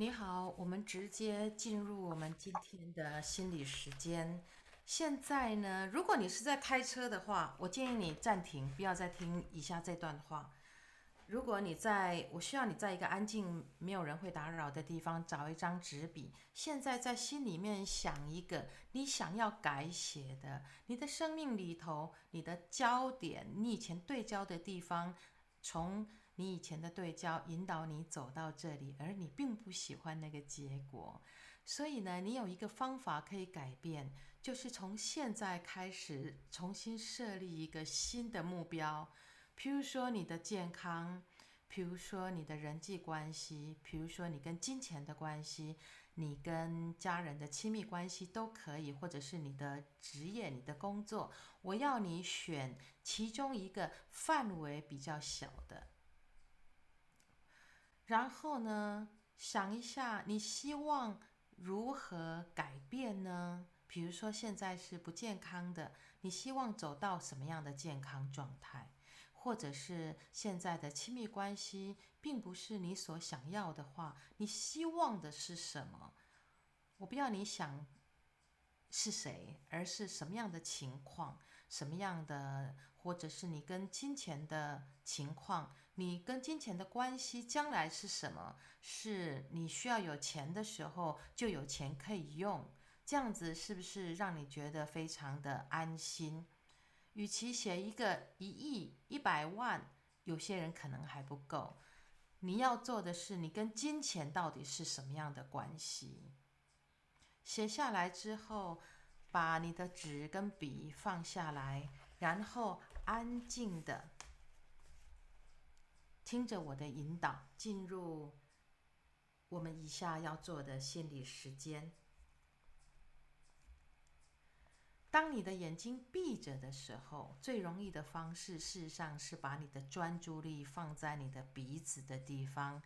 你好，我們直接進入我們今天的心理時間。現在呢，如果你是在開車的話，我建議你暫停，不要再聽以下這段話。如果你在，我需要你在一個安靜、沒有人會打擾的地方，找一張紙筆。現在在心裡面想一個你想要改寫的你的生命裡頭，你的焦點，你以前對焦的地方，從。你以前的對焦引導你走到這裡，而你並不喜歡那個結果，所以呢，你有一個方法可以改變，就是從現在開始重新設立一個新的目標，譬如說你的健康，譬如說你的人際關係，譬如說你跟金錢的關係，你跟家人的親密關係都可以，或者是你的職業、你的工作。我要你選其中一個範圍比較小的。然後呢，想一下，你希望如何改變呢？比如說，現在是不健康的，你希望走到什麼樣的健康狀態？或者是現在的親密關係並不是你所想要的話，你希望的是什麼？我不要你想。是誰？而是什麼樣的情況？什麼樣的，或者是你跟金錢的情況，你跟金錢的關係，將來是什麼？是你需要有錢的時候就有錢可以用，這樣子是不是讓你覺得非常的安心？與其寫一個一億、一百萬，有些人可能還不夠。你要做的是，你跟金錢到底是什麼樣的關係？寫下來之後，把你的紙跟筆放下來，然後安靜的聽着我的引導，進入我們以下要做的心理時間。當你的眼睛閉着的時候，最容易的方式事實上是把你的專注力放在你的鼻子的地方，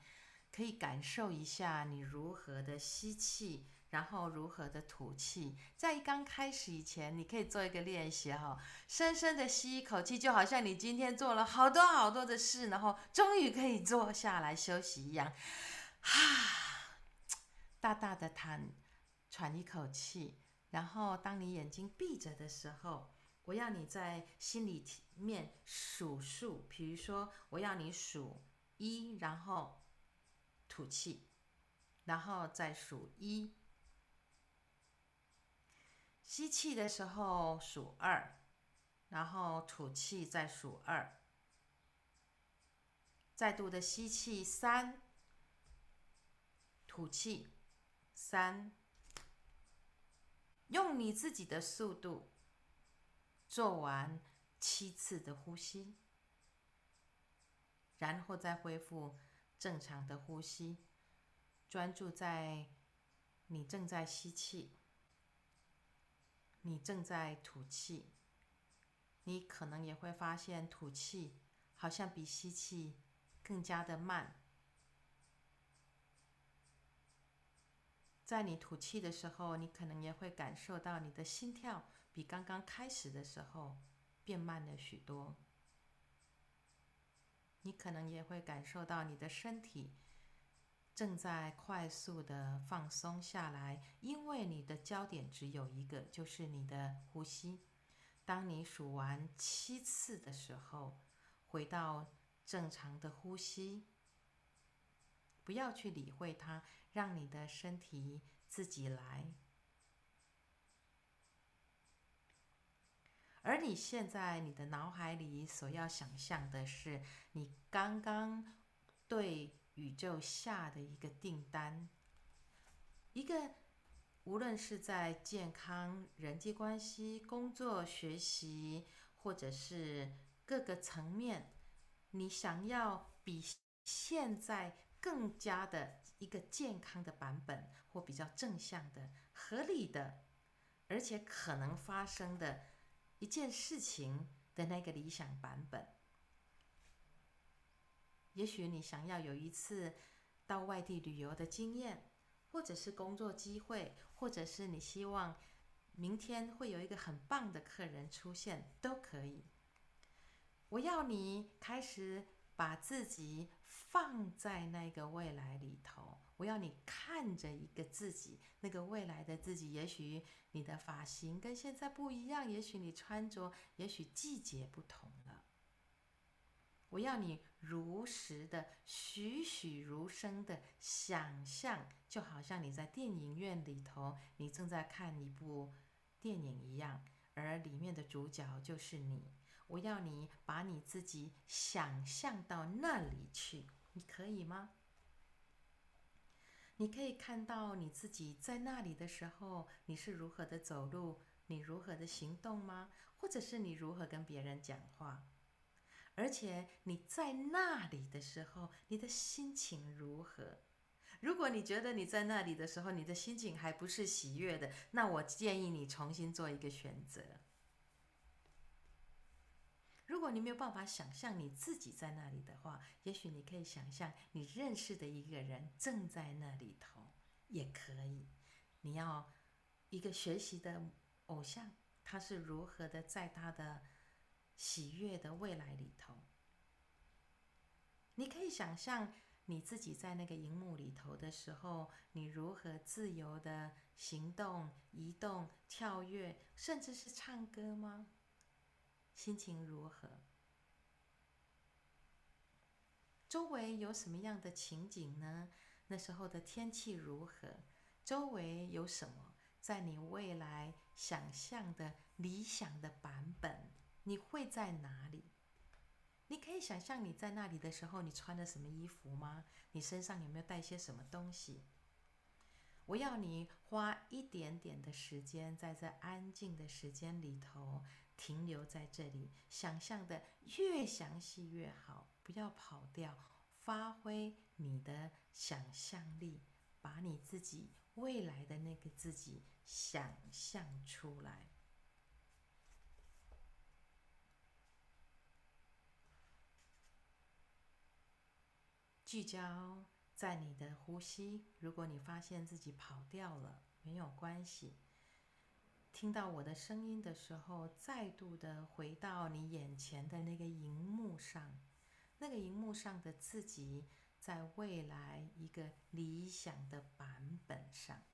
可以感受一下你如何的吸氣。然後如何的吐氣，在剛開始以前，你可以做一個練習哈、哦，深深的吸一口氣，就好像你今天做了好多好多的事，然後終於可以坐下來休息一樣，啊，大大的嘆，喘一口氣，然後當你眼睛閉着的時候，我要你在心裡面數數，比如說我要你數一，然後吐氣，然後再數一。吸氣的時候數二，然後吐氣再數二，再度的吸氣三，吐氣三，用你自己的速度做完七次的呼吸，然後再恢復正常的呼吸，專注在你正在吸氣。你正在吐氣，你可能也會發現吐氣好像比吸氣更加的慢。在你吐氣的時候，你可能也會感受到你的心跳比剛剛開始的時候變慢了許多。你可能也會感受到你的身體。正在快速的放鬆下來，因為你的焦點，只有一個，就是你的呼吸。當你數完七次的時候，回到正常的呼吸，不要去理會它，讓你的身體自己來。而你現在，你的腦海裡所要想象的是，你剛剛對。宇宙下的一個訂單，一個無論是在健康、人際關係、工作、學習，或者是各個層面，你想要比現在更加的一個健康的版本，或比較正向的、合理的，而且可能發生的一件事情的那個理想版本。也許你想要有一次到外地旅遊的經驗，或者是工作機會，或者是你希望明天會有一個很棒的客人出現，都可以。我要你開始把自己放在那個未來裡頭，我要你看着一個自己，那個未來的自己，也許你的髮型跟現在不一樣，也許你穿着，也許季節不同。我要你如實的、栩栩如生的想象，就好像你在電影院裡頭，你正在看一部電影一樣，而裡面的主角就是你。我要你把你自己想象到那裡去，你可以嗎？你可以看到你自己在那裡的時候，你是如何的走路，你如何的行動嗎？或者是你如何跟別人講話？而且你在那裡的時候，你的心情如何？如果你覺得你在那裡的時候，你的心情還不是喜悅的，那我建議你重新做一個選擇。如果你沒有辦法想象你自己在那裡的話，也許你可以想象你認識的一個人正在那裡頭，也可以。你要一個學習的偶像，他是如何的在他的喜悅的未來裡頭，你可以想象你自己在那個熒幕裡頭的時候，你如何自由的行動、移動、跳躍，甚至是唱歌嗎？心情如何？周圍有什麼樣的情景呢？那時候的天氣如何？周圍有什麼在你未來想象的理想的版本？你會在哪裡？你可以想象你在那裡的時候，你穿的什麼衣服嗎？你身上有沒有帶些什麼東西？我要你花一點點的時間，在這安靜的時間裡頭，停留在這裡，想象得越詳細越好，不要跑掉，發揮你的想象力，把你自己未來的那個自己想象出來。聚焦在你的呼吸。如果你發現自己跑掉了，沒有關係。聽到我的聲音的時候，再度的回到你眼前的那個熒幕上，那個熒幕上的自己，在未來一個理想的版本上，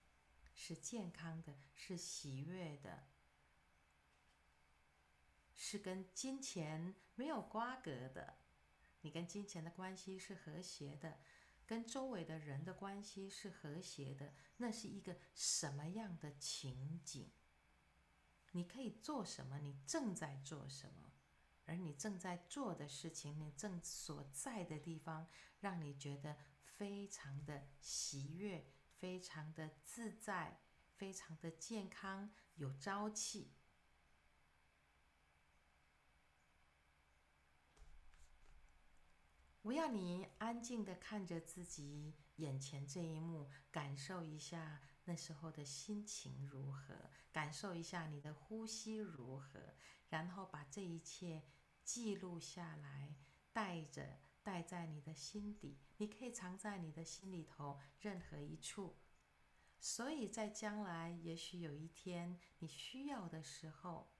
是健康的，是喜悅的，是跟金錢沒有瓜葛的。你跟金錢的關係是和諧的，跟周圍的人的關係是和諧的，那是一個什麼樣的情景？你可以做什麼？你正在做什麼？而你正在做的事情，你正所在的地方，讓你覺得非常的喜悅，非常的自在，非常的健康，有朝氣。我要你安靜的看着自己眼前這一幕，感受一下那時候的心情如何，感受一下你的呼吸如何，然後把這一切記錄下來，帶着帶在你的心底，你可以藏在你的心裡頭任何一處。所以在將來，也許有一天你需要的時候，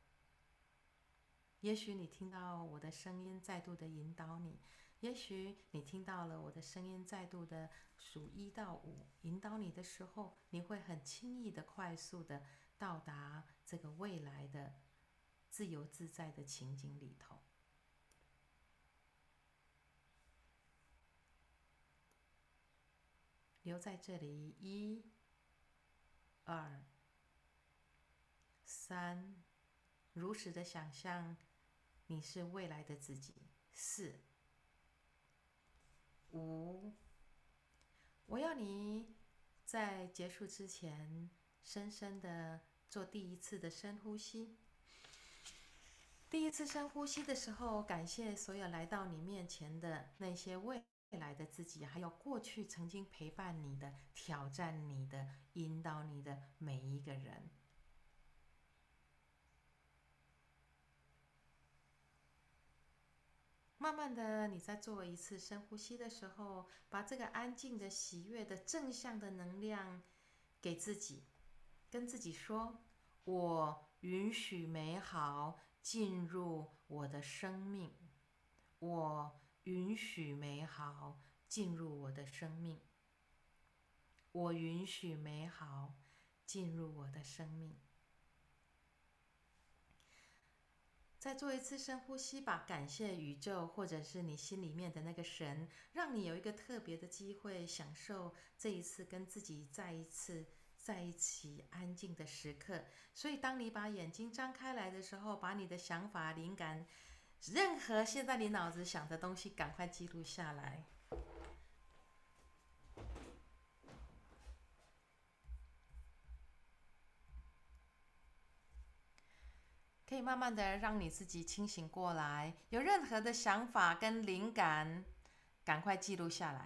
也許你聽到我的聲音再度的引導你。也許你聽到了我的聲音，再度的數一到五，引導你的時候，你會很輕易的、快速的到達這個未來的自由自在的情景裡頭。留在這裡，一、二、三，如實的想象你是未來的自己。四。五，我要你，在結束之前，深深的做第一次的深呼吸。第一次深呼吸的時候，感謝所有來到你面前的那些未未來的自己，還有過去曾經陪伴你的、挑戰你的、引導你的每一個人。慢慢的，你再做一次深呼吸的時候，把這個安靜的、喜悅的、正向的能量給自己，跟自己說：“我允許美好進入我的生命。”我允許美好進入我的生命。我允許美好進入我的生命。再做一次深呼吸吧，感謝宇宙或者是你心裡面的那個神，讓你有一個特別的機會，享受這一次跟自己再一次在一起安靜的時刻。所以，當你把眼睛張開來的時候，把你的想法、靈感，任何現在你腦子想的東西，趕快記錄下來。可以慢慢的讓你自己清醒過來，有任何的想法跟靈感，趕快記錄下來。